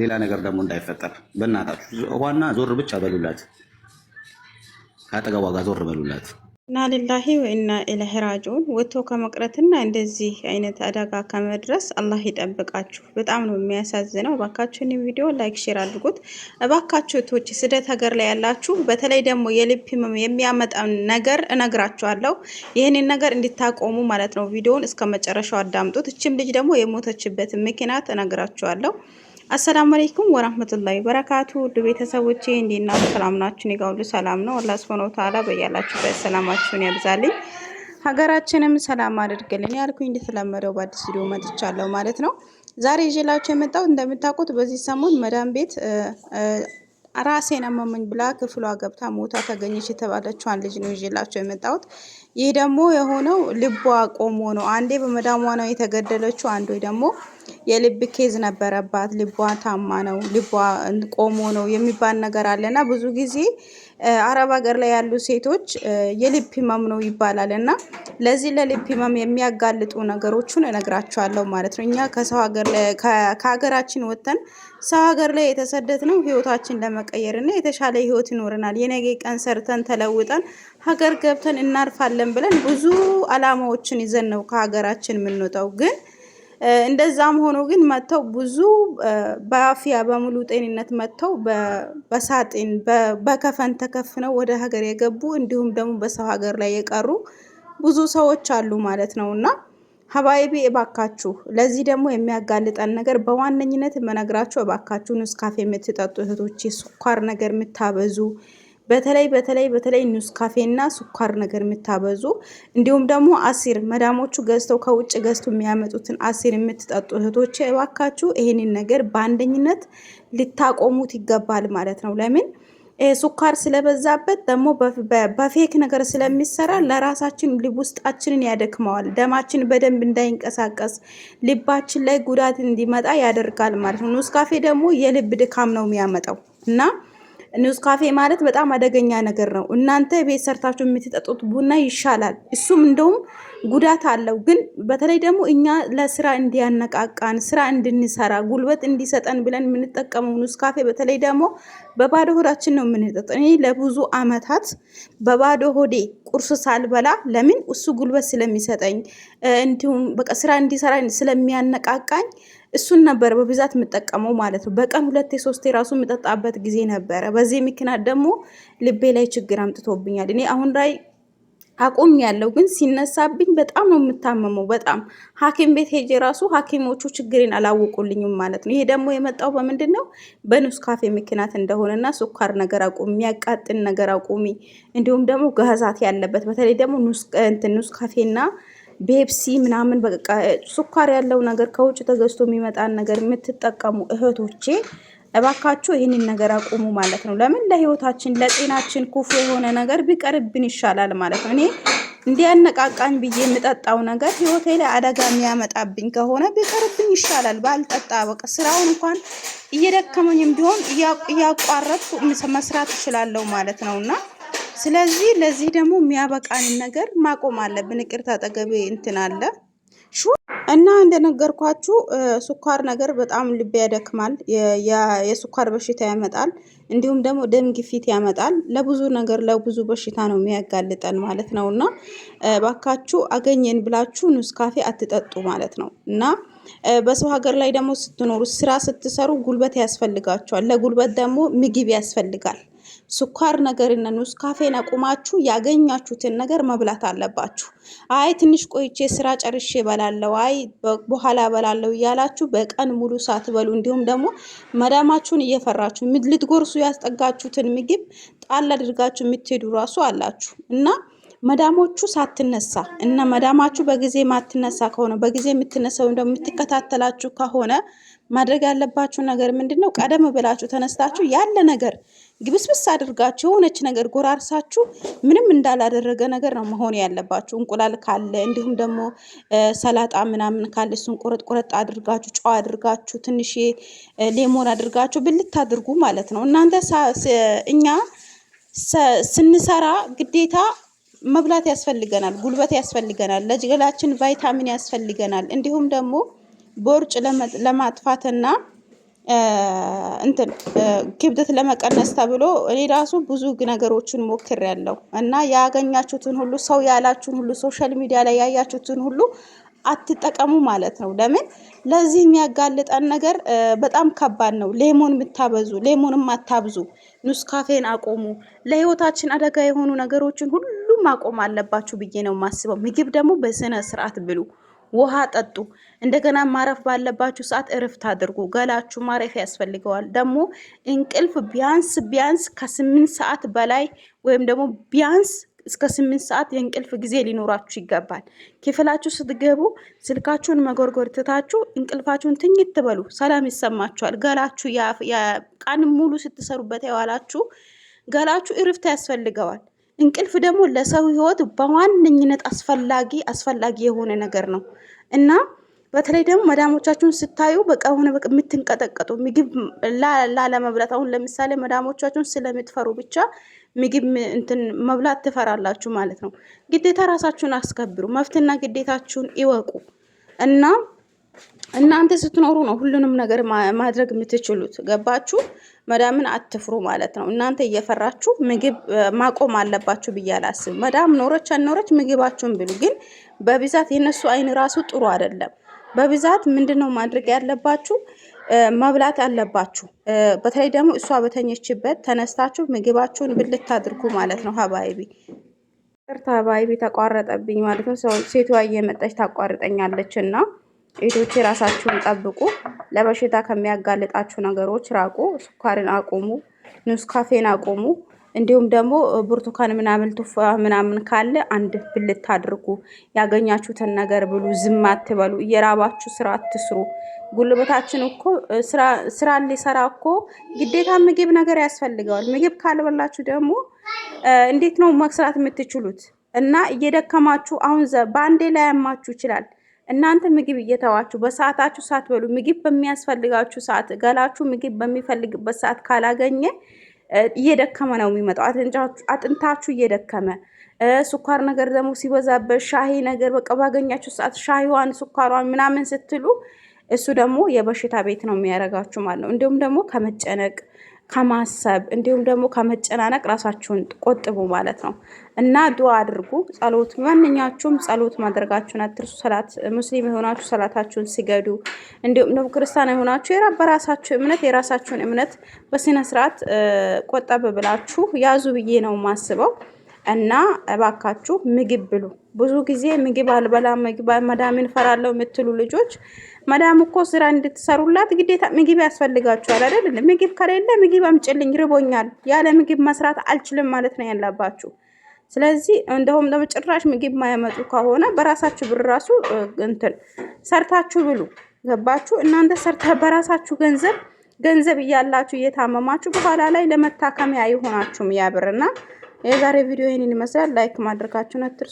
ሌላ ነገር ደግሞ እንዳይፈጠር በእናታችሁ ዋና ዞር ብቻ በሉላት፣ ከአጠገቧ ጋር ዞር በሉላት። እና ሊላሂ ወኢና ኢለይሂ ራጂዑን። ወጥቶ ከመቅረትና እንደዚህ አይነት አደጋ ከመድረስ አላህ ይጠብቃችሁ። በጣም ነው የሚያሳዝነው። እባካችሁን ቪዲዮ ላይክ፣ ሼር አድርጉት እባካችሁ። ቶች ስደት ሀገር ላይ ያላችሁ በተለይ ደግሞ የልብ ህመም የሚያመጣን ነገር እነግራችኋለሁ። ይህንን ነገር እንድታቆሙ ማለት ነው። ቪዲዮውን እስከ መጨረሻው አዳምጡት። እችም ልጅ ደግሞ የሞተችበትን ምክንያት እነግራችኋለሁ። አሰላሙ አለይኩም ወራህመቱላሂ በረካቱ ውድ ቤተሰቦቼ እንዴት ናችሁ? ሰላም ናችሁ? እኔ ጋር ሁሉ ሰላም ነው። አላህ ሱብሐነሁ ወተዓላ በያላችሁበት ሰላማችሁን ያብዛልኝ፣ ሀገራችንም ሰላም አድርግልን ያልኩኝ እንደተለመደው በአዲስ ቪዲዮ መጥቻለሁ ማለት ነው። ዛሬ ይዤላችሁ የመጣሁት እንደምታውቁት በዚህ ሰሞን መዳም ቤት ራሴን አመመኝ ብላ ክፍሏ ገብታ ሞታ ተገኘች የተባለችዋን ልጅ ነው ይዤላቸው የመጣሁት። ይህ ደግሞ የሆነው ልቧ ቆሞ ነው። አንዴ በመዳሟ ነው የተገደለችው፣ አንዱ ደግሞ የልብ ኬዝ ነበረባት፣ ልቧ ታማ ነው፣ ልቧ ቆሞ ነው የሚባል ነገር አለ እና ብዙ ጊዜ አረብ ሀገር ላይ ያሉ ሴቶች የልብ ህመም ነው ይባላል እና ለዚህ ለልብ ህመም የሚያጋልጡ ነገሮችን እነግራቸዋለሁ ማለት ነው። እኛ ከሰው ሀገር ከሀገራችን ወጥተን ሰው ሀገር ላይ የተሰደት ነው ህይወታችን ለመቀየር እና የተሻለ ህይወት ይኖረናል የነገ ቀን ሰርተን ተለውጠን ሀገር ገብተን እናርፋለን ብለን ብዙ አላማዎችን ይዘን ነው ከሀገራችን የምንወጣው ግን እንደዛም ሆኖ ግን መጥተው ብዙ በአፍያ በሙሉ ጤንነት መጥተው በሳጥን በከፈን ተከፍነው ወደ ሀገር የገቡ እንዲሁም ደግሞ በሰው ሀገር ላይ የቀሩ ብዙ ሰዎች አሉ ማለት ነው እና ሀባይቢ እባካችሁ ለዚህ ደግሞ የሚያጋልጠን ነገር በዋነኝነት መነግራችሁ እባካችሁ ኔስካፌ የምትጠጡ እህቶች፣ ስኳር ነገር የምታበዙ በተለይ በተለይ በተለይ እና ስኳር ነገር የምታበዙ እንዲሁም ደግሞ አሲር መዳሞቹ ገዝተው ከውጭ ገዝቶ የሚያመጡትን አሲር የምትጠጡ እህቶች እባካችሁ ይሄንን ነገር በአንደኝነት ልታቆሙት ይገባል ማለት ነው። ለምን ሱካር ስለበዛበት ደግሞ በፌክ ነገር ስለሚሰራ ለራሳችን ልብ ውስጣችንን ያደክመዋል። ደማችን በደንብ እንዳይንቀሳቀስ ልባችን ላይ ጉዳት እንዲመጣ ያደርጋል ማለት ነው። ካፌ ደግሞ የልብ ድካም ነው የሚያመጣው እና ኒውስ ካፌ ማለት በጣም አደገኛ ነገር ነው። እናንተ ቤት ሰርታችሁ የምትጠጡት ቡና ይሻላል። እሱም እንደውም ጉዳት አለው። ግን በተለይ ደግሞ እኛ ለስራ እንዲያነቃቃን ስራ እንድንሰራ ጉልበት እንዲሰጠን ብለን የምንጠቀመው ኒውስ ካፌ በተለይ ደግሞ በባዶ ሆዳችን ነው የምንጠጥ። እኔ ለብዙ አመታት በባዶ ሆዴ ቁርስ ሳልበላ ለምን እሱ ጉልበት ስለሚሰጠኝ እንዲሁም በቃ ስራ እንዲሰራ ስለሚያነቃቃኝ እሱን ነበር በብዛት የምጠቀመው ማለት ነው። በቀን ሁለቴ ሶስቴ ራሱ የምጠጣበት ጊዜ ነበረ። በዚህ ምክንያት ደግሞ ልቤ ላይ ችግር አምጥቶብኛል። እኔ አሁን ላይ አቁም ያለው ግን ሲነሳብኝ በጣም ነው የምታመመው። በጣም ሐኪም ቤት ሄጄ ራሱ ሐኪሞቹ ችግሬን አላወቁልኝም ማለት ነው። ይሄ ደግሞ የመጣው በምንድን ነው? ካፌ ምክንያት እንደሆነና ስኳር ነገር አቁሚ፣ የሚያቃጥን ነገር አቁሚ፣ እንዲሁም ደግሞ ጋዛት ያለበት በተለይ ደግሞ ኑስካፌና ቤፕሲ ምናምን በቃ ስኳር ያለው ነገር ከውጭ ተገዝቶ የሚመጣን ነገር የምትጠቀሙ እህቶቼ እባካችሁ ይህንን ነገር አቁሙ ማለት ነው። ለምን ለህይወታችን ለጤናችን ክፉ የሆነ ነገር ቢቀርብን ይሻላል ማለት ነው። እኔ እንዲያነቃቃኝ ብዬ የምጠጣው ነገር ህይወቴ ላይ አደጋ የሚያመጣብኝ ከሆነ ቢቀርብኝ ይሻላል። ባልጠጣ በቃ ስራውን እንኳን እየደከመኝም ቢሆን እያቋረጥኩ መስራት እችላለሁ ማለት ነው እና ስለዚህ ለዚህ ደግሞ የሚያበቃንን ነገር ማቆም አለብን። ይቅርታ አጠገቤ እንትን አለ እና እንደነገርኳችሁ ስኳር ነገር በጣም ልብ ያደክማል፣ የስኳር በሽታ ያመጣል። እንዲሁም ደግሞ ደም ግፊት ያመጣል። ለብዙ ነገር ለብዙ በሽታ ነው የሚያጋልጠን ማለት ነው። እና ባካችሁ አገኘን ብላችሁ ኑስካፌ አትጠጡ ማለት ነው። እና በሰው ሀገር ላይ ደግሞ ስትኖሩ ስራ ስትሰሩ ጉልበት ያስፈልጋቸዋል። ለጉልበት ደግሞ ምግብ ያስፈልጋል። ስኳር ነገር እነ ኑስ ካፌን አቁማችሁ ያገኛችሁትን ነገር መብላት አለባችሁ። አይ ትንሽ ቆይቼ ስራ ጨርሼ እበላለሁ፣ አይ በኋላ እበላለሁ እያላችሁ በቀን ሙሉ ሳትበሉ እንዲሁም ደግሞ መዳማችሁን እየፈራችሁ ልትጎርሱ ያስጠጋችሁትን ምግብ ጣል አድርጋችሁ የምትሄዱ ራሱ አላችሁ እና መዳሞቹ ሳትነሳ እና መዳማችሁ በጊዜ ማትነሳ ከሆነ በጊዜ የምትነሳው እንደው የምትከታተላችሁ ከሆነ ማድረግ ያለባችሁ ነገር ምንድን ነው? ቀደም ብላችሁ ተነስታችሁ ያለ ነገር ግብስብስ አድርጋችሁ የሆነች ነገር ጎራርሳችሁ ምንም እንዳላደረገ ነገር ነው መሆን ያለባችሁ። እንቁላል ካለ እንዲሁም ደግሞ ሰላጣ ምናምን ካለ እሱን ቁረጥ ቁረጥ አድርጋችሁ ጨው አድርጋችሁ ትንሽ ሌሞን አድርጋችሁ ብልታድርጉ ማለት ነው። እናንተ እኛ ስንሰራ ግዴታ መብላት ያስፈልገናል፣ ጉልበት ያስፈልገናል፣ ለገላችን ቫይታሚን ያስፈልገናል። እንዲሁም ደግሞ ቦርጭ ለማጥፋትና እንትን ክብደት ለመቀነስ ተብሎ እኔ ራሱ ብዙ ነገሮችን ሞክር ያለው እና ያገኛችሁትን ሁሉ ሰው ያላችሁን ሁሉ ሶሻል ሚዲያ ላይ ያያችሁትን ሁሉ አትጠቀሙ ማለት ነው። ለምን ለዚህ የሚያጋልጠን ነገር በጣም ከባድ ነው። ሌሞን የምታበዙ ሌሞንም አታብዙ፣ ኑስካፌን አቆሙ። ለህይወታችን አደጋ የሆኑ ነገሮችን ሁሉ ማቆም አለባችሁ ብዬ ነው የማስበው። ምግብ ደግሞ በስነ ስርዓት ብሉ፣ ውሃ ጠጡ። እንደገና ማረፍ ባለባችሁ ሰዓት እርፍት አድርጉ። ገላችሁ ማረፍ ያስፈልገዋል። ደግሞ እንቅልፍ ቢያንስ ቢያንስ ከስምንት ሰዓት በላይ ወይም ደግሞ ቢያንስ እስከ ስምንት ሰዓት የእንቅልፍ ጊዜ ሊኖራችሁ ይገባል። ክፍላችሁ ስትገቡ ስልካችሁን መጎርጎር ትታችሁ እንቅልፋችሁን ትኝት ትበሉ፣ ሰላም ይሰማችኋል። ገላችሁ ቀን ሙሉ ስትሰሩበት የዋላችሁ ገላችሁ እርፍታ ያስፈልገዋል። እንቅልፍ ደግሞ ለሰው ህይወት በዋነኝነት አስፈላጊ አስፈላጊ የሆነ ነገር ነው እና በተለይ ደግሞ መዳሞቻችሁን ስታዩ በቃ ሆነ በቃ የምትንቀጠቀጡ ምግብ ላለመብላት አሁን ለምሳሌ መዳሞቻችሁን ስለምትፈሩ ብቻ ምግብ እንትን መብላት ትፈራላችሁ ማለት ነው። ግዴታ ራሳችሁን አስከብሩ፣ መፍትና ግዴታችሁን ይወቁ እና እናንተ ስትኖሩ ነው ሁሉንም ነገር ማድረግ የምትችሉት። ገባችሁ? መዳምን አትፍሩ ማለት ነው። እናንተ እየፈራችሁ ምግብ ማቆም አለባችሁ ብዬ አላስብ መዳም ኖረች አልኖረች ምግባችሁን ብሉ። ግን በብዛት የነሱ አይን ራሱ ጥሩ አይደለም። በብዛት ምንድን ነው ማድረግ ያለባችሁ? መብላት አለባችሁ። በተለይ ደግሞ እሷ በተኘችበት ተነስታችሁ ምግባችሁን ብልት አድርጉ ማለት ነው። ሀባይቢ ቅርታ ሀባይቢ ተቋረጠብኝ ማለት ነው። ሴቷ እየመጣች ታቋርጠኛለች እና እህቶቼ ራሳችሁን ጠብቁ። ለበሽታ ከሚያጋልጣችሁ ነገሮች ራቁ። ስኳርን አቁሙ፣ ኑስካፌን አቁሙ። እንዲሁም ደግሞ ብርቱካን ምናምን ቱፋ ምናምን ካለ አንድ ብልት አድርጉ። ያገኛችሁትን ነገር ብሉ። ዝም አትበሉ። እየራባችሁ ስራ አትስሩ። ጉልበታችን እኮ ስራ ሊሰራ እኮ ግዴታ ምግብ ነገር ያስፈልገዋል። ምግብ ካልበላችሁ ደግሞ እንዴት ነው መስራት የምትችሉት? እና እየደከማችሁ አሁን በአንዴ ላይ ያማችሁ ይችላል። እናንተ ምግብ እየተዋችሁ በሰዓታችሁ ሳትበሉ ምግብ በሚያስፈልጋችሁ ሰዓት ገላችሁ ምግብ በሚፈልግበት ሰዓት ካላገኘ እየደከመ ነው የሚመጣው። አጥንታችሁ እየደከመ ስኳር ነገር ደግሞ ሲበዛበት ሻሂ ነገር በቃ ባገኛችሁ ሰዓት ሻሂዋን ስኳሯን ምናምን ስትሉ እሱ ደግሞ የበሽታ ቤት ነው የሚያደርጋችሁ ማለት ነው። እንዲሁም ደግሞ ከመጨነቅ ከማሰብ እንዲሁም ደግሞ ከመጨናነቅ ራሳችሁን ቆጥቡ ማለት ነው እና ዱዓ አድርጉ። ጸሎት፣ ማንኛችሁም ጸሎት ማድረጋችሁን አትርሱ። ሰላት ሙስሊም የሆናችሁ ሰላታችሁን ሲገዱ፣ እንዲሁም ደግሞ ክርስቲያን የሆናችሁ በራሳችሁ እምነት የራሳችሁን እምነት በስነ ስርዓት ቆጠብ ብላችሁ ያዙ ብዬ ነው ማስበው። እና እባካችሁ ምግብ ብሉ። ብዙ ጊዜ ምግብ አልበላም ምግብ መዳም እንፈራለሁ የምትሉ ልጆች መዳም እኮ ስራ እንድትሰሩላት ግዴታ ምግብ ያስፈልጋችኋል አይደል? ምግብ ከሌለ ምግብ አምጭልኝ ርቦኛል፣ ያለ ምግብ መስራት አልችልም ማለት ነው ያለባችሁ። ስለዚህ እንደውም ደግሞ ጭራሽ ምግብ ማያመጡ ከሆነ በራሳችሁ ብር ራሱ እንትን ሰርታችሁ ብሉ። ገባችሁ? እናንተ ሰርታ በራሳችሁ ገንዘብ ገንዘብ እያላችሁ እየታመማችሁ በኋላ ላይ ለመታከሚያ አይሆናችሁም ያ ብርና የዛሬ ቪዲዮ ይህንን ይመስላል። ላይክ ማድረጋችሁን አትርሱ።